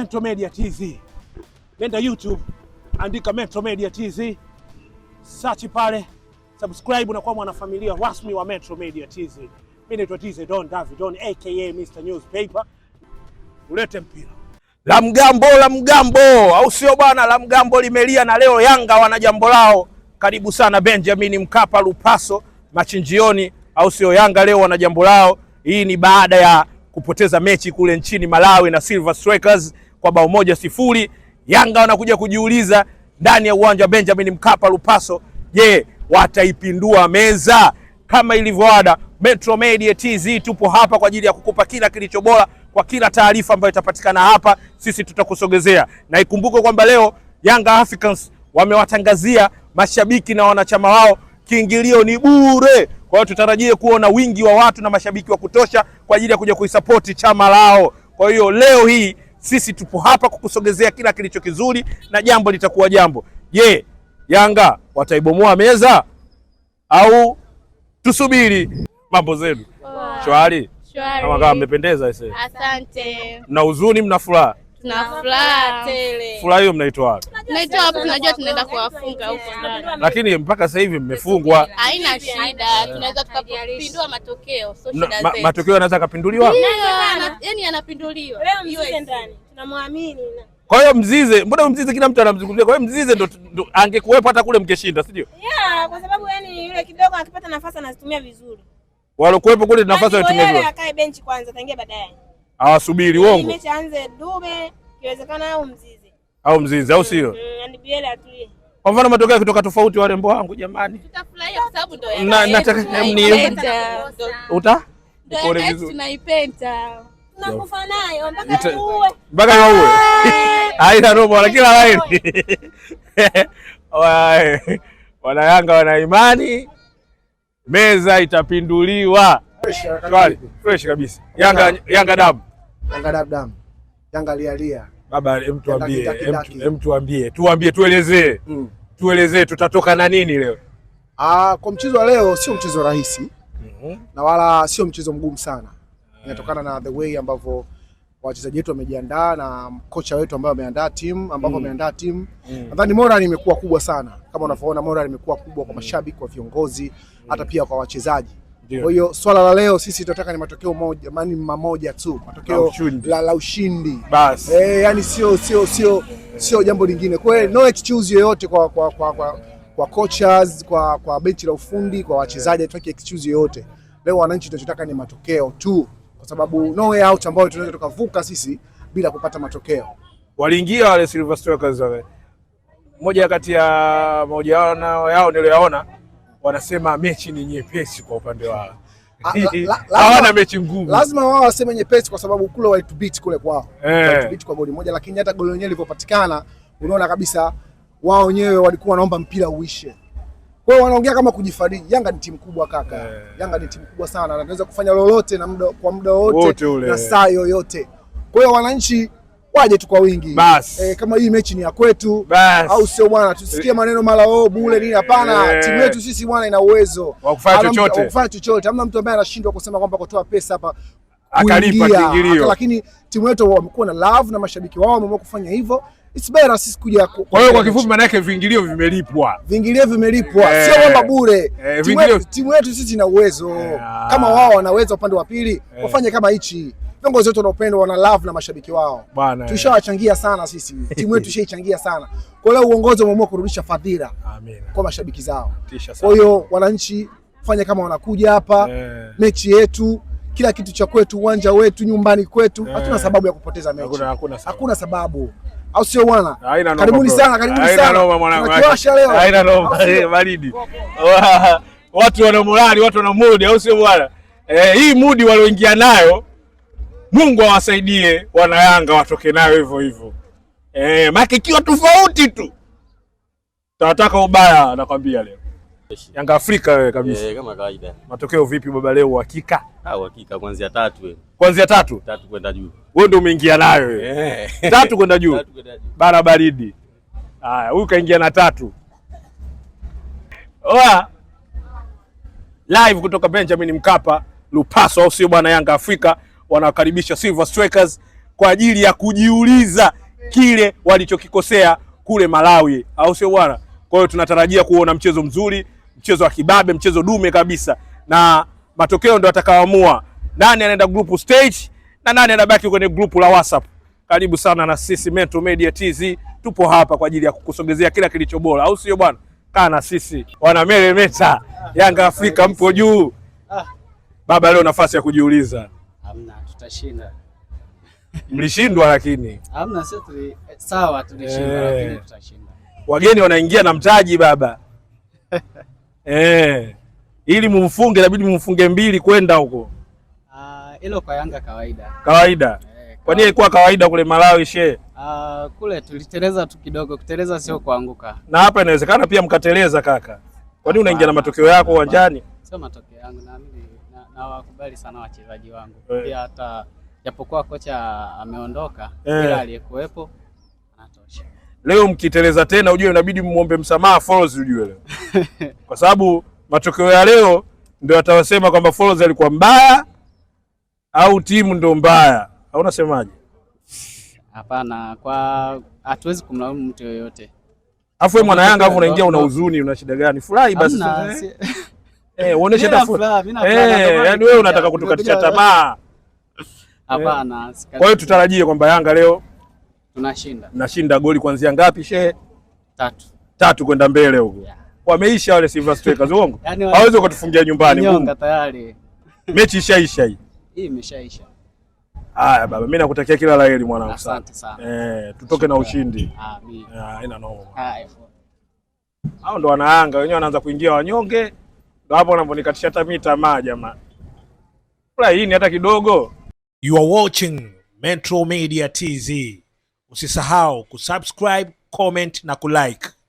Metro Media TV. nenda YouTube, andika Metro Media TV, search pale, subscribe na kuwa mwanafamilia rasmi wa Metro Media TV. Mimi naitwa TZ Don Don aka Mr Newspaper. Ulete mpira la mgambo la mgambo, au sio bwana? La mgambo limelia na leo Yanga wana jambo lao. Karibu sana Benjamin Mkapa, Lupaso, machinjioni, au sio? Yanga leo wana jambo lao. Hii ni baada ya kupoteza mechi kule nchini Malawi na Silver Strikers kwa bao moja sifuri. Yanga wanakuja kujiuliza ndani ya uwanja wa Benjamin Mkapa Lupaso, je, wataipindua meza? Kama ilivyoada, Metro Media TZ tupo hapa kwa ajili ya kukupa kila kilicho bora kwa kila taarifa ambayo itapatikana hapa, sisi tutakusogezea. Na ikumbuke kwamba leo Yanga Africans wamewatangazia mashabiki na wanachama wao kiingilio ni bure. Kwa hiyo tutarajie kuona wingi wa watu na mashabiki wa kutosha kwa ajili ya kuja kuisapoti chama lao. Kwa hiyo leo hii sisi tupo hapa kukusogezea kila kilicho kizuri na jambo litakuwa jambo. Je, Yanga wataibomoa meza au tusubiri? Mambo zenu shwari? Kama kama mmependeza. Asante. Mna huzuni, mna furaha? Tuna furaha tele. Furaha hiyo mnaitoa wapi? tunaitoa hapo, tunajua tunaenda kuwafunga huko ndani, lakini mpaka sasa hivi mmefungwa. Haina shida, tunaweza tukapindua matokeo, So shida zetu. Matokeo yanaweza kapinduliwa, yani yanapinduliwa. Kwa hiyo Mzize, mbona Mzize kila mtu anamzungumzia? Kwa hiyo Mzize ndo angekuwepo hata kule mkeshinda, sio? Yeah, kwa sababu yani yule kidogo akipata nafasi anazitumia vizuri. Walokuwepo kule nafasi anatumia vizuri. Akae benchi kwanza, tangia baadaye. Awasubiri yaani uongo. Mechi anze Dube, ikiwezekana au Mzize au mzinzi au sio? Mm, kwa mfano matokeo kutoka tofauti, warembo wangu jamani, mpaka waue aina kila laini Wanayanga wana imani meza itapinduliwa. Fresh kabisa, Yanga Yanga damu, Yanga damu, Yanga lialia Baba, tuambie, tuambie, tuelezee, mm. tuelezee tutatoka na nini leo? Ah, kwa mchezo wa leo sio mchezo rahisi mm -hmm. na wala sio mchezo mgumu sana inatokana na the way ambavyo wachezaji wetu wamejiandaa na kocha wetu ambaye ameandaa timu ambavyo mm. ameandaa timu mm. nadhani morali imekuwa kubwa sana kama unavyoona, morali imekuwa kubwa kwa mm. mashabiki, kwa viongozi, hata pia kwa wachezaji kwa hiyo swala la leo sisi tunataka ni matokeo moja, yani mamoja tu, matokeo la, la ushindi basi. E, yani sio sio sio sio jambo lingine. Kwa hiyo no excuse yoyote kwa kwa kwa kwa kwa coaches, kwa kwa benchi la ufundi, kwa wachezaji, hatutaki excuse yoyote. Leo wananchi tunachotaka ni matokeo tu, kwa sababu no way out ambayo tunaweza tukavuka sisi bila kupata matokeo. Waliingia wale Silver Strikers wale, moja kati ya moja yao ndio yaona wanasema mechi ni nyepesi kwa upande wao, ah, hawana mechi ngumu. Lazima wao waseme nyepesi, kwa sababu kule walitubeat kule kwao, eh. walitubeat kwa goli moja, lakini hata goli lenyewe lilipopatikana, unaona kabisa wao wenyewe walikuwa wanaomba mpira uishe. Kwa hiyo wanaongea kama kujifariji. Yanga ni timu kubwa kaka, eh, Yanga ni timu kubwa sana, anaweza kufanya lolote na muda, kwa muda wote na saa yoyote. Kwa hiyo wananchi waje tu kwa wingi bas. E, kama hii mechi ni ya kwetu bas, au sio bwana? Tusikie maneno mara oo oh, bure nini, hapana e. Timu yetu sisi bwana ina uwezo wa kufanya chochote, kufanya chochote. Hamna mtu ambaye anashindwa kusema kwamba kutoa pesa hapa akalipa kiingilio, lakini timu yetu wamekuwa na love na mashabiki wao wameamua kufanya hivyo. It's better sisi kuja. Kwa hiyo kwa kifupi, maana yake viingilio vimelipwa, viingilio vimelipwa Yeah. sio kwamba bure eh, Yeah. timu yetu sisi ina uwezo Yeah. kama wao wanaweza upande wa pili yeah, wafanye kama hichi viongozi wetu wanaopendwa wana love na mashabiki wao, tushawachangia sana sisi, timu yetu tushaichangia sana. Kwa leo uongozi umeamua kurudisha fadhila kwa mashabiki zao. Kwa hiyo wananchi, fanya kama wanakuja hapa yeah. mechi yetu kila kitu cha kwetu, uwanja wetu, nyumbani kwetu, eh. hatuna yeah. sababu ya kupoteza mechi, hakuna, hakuna sababu, hakuna sababu au sio bwana? Karibuni sana, karibuni sana baridi. Watu wana morali, watu wana mudi, au sio bwana? Eh, hii mudi walioingia nayo Mungu awasaidie wana yanga watoke nayo hivyo hivyo. Eh, maki ikiwa tofauti tu Tunataka ubaya, nakwambia leo Yanga Afrika wewe kabisa. Eh, kama kawaida. Matokeo vipi baba leo uhakika? Ah, uhakika kwanza tatu wewe. Kwanza tatu? Tatu kwenda juu. Wewe ndio umeingia nayo wewe. Eh. Tatu kwenda juu. Tatu kwenda juu. Bara baridi. Haya, huyu kaingia na tatu. Oa. Live kutoka Benjamin Mkapa, Lupaso au sio bwana Yanga Afrika wanawakaribisha Silver Strikers kwa ajili ya kujiuliza kile walichokikosea kule Malawi, au sio bwana? Kwa hiyo tunatarajia kuona mchezo mzuri, mchezo wa kibabe, mchezo dume kabisa, na matokeo ndio atakaoamua nani anaenda group stage na nani anabaki kwenye group la WhatsApp. Karibu sana na sisi Metro Media TZ, tupo hapa kwa ajili ya kukusogezea kila kilicho bora, au sio bwana? Kaa na sisi wana meremeta Yanga Afrika, mpo juu ah. baba. Leo nafasi ya kujiuliza hamna tutashinda. Mlishindwa lakini. Hamna, sisi tuli sawa, tulishinda eh, lakini tutashinda. Wageni wanaingia na mtaji baba. Eh. Ili mumfunge inabidi mumfunge mbili kwenda huko. Ah, uh, hilo kwa Yanga kawaida. Kawaida. Eh, kwa nini ilikuwa kawaida kule Malawi she? Ah, uh, kule tuliteleza tu kidogo, kuteleza sio kuanguka. Na hapa inawezekana pia mkateleza kaka. Kwa nini unaingia na matokeo yako uwanjani? Sio matokeo yangu naamini nawakubali sana wachezaji wangu eh. pia hata japokuwa kocha ameondoka yeah. ila aliyekuwepo anatosha. Leo mkiteleza tena, ujue inabidi muombe msamaha Folz, ujue leo kwa sababu matokeo ya leo ndio atawasema kwamba Folz alikuwa mbaya au timu ndo mbaya, au unasemaje? Hapana, kwa hatuwezi kumlaumu mtu yoyote. Afu mwana Yanga, afu unaingia una huzuni, una shida gani? Furahi basi. Eh. Eh, uoneshe tafuta. Eh, yaani wewe unataka kutukatisha tamaa. Hapana. Eh. Kwa hiyo tutarajie kwamba Yanga leo tunashinda. Nashinda goli kuanzia ngapi shehe? Tatu. Tatu kwenda mbele huko. Yeah. Wameisha wale Silver Strikers uongo. Yaani Hawezi kutufungia nyumbani Mungu. Tayari. Mechi ishaisha hii. Hii imeshaisha. Haya baba, mimi nakutakia kila la heri mwanangu. Asante sana. Eh, tutoke na ushindi. Amin. Ah, ina noma. Haya. Hao ndo wanaanga wenyewe wanaanza kuingia wanyonge hapo unaponikatisha hata mimi tamaa jamani, furahini hata kidogo. You are watching Metro Media tv Usisahau kusubscribe, comment na kulike.